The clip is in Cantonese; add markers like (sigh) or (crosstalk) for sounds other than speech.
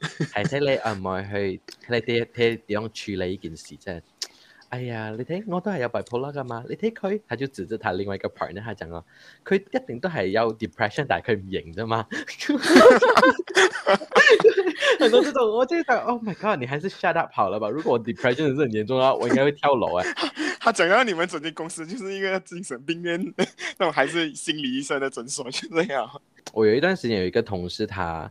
係 (laughs) 睇你阿妹、嗯、去你哋睇點樣處理呢件事啫。哎呀，你睇我都係有 bipolar 啦噶嘛。你睇佢，佢就指住他另外一個 partner，佢一定都係有 depression，但係佢唔認啫嘛。我呢度，我即係，Oh my god！你還是 shut up 跑了吧。如果我 depression 是很嚴重的話，我應該會跳樓誒 (laughs) 他講到你們整間公司就是一個精神病院， (laughs) 但我還是心理醫生的診所，就那樣。我有一段時間有一個同事，他。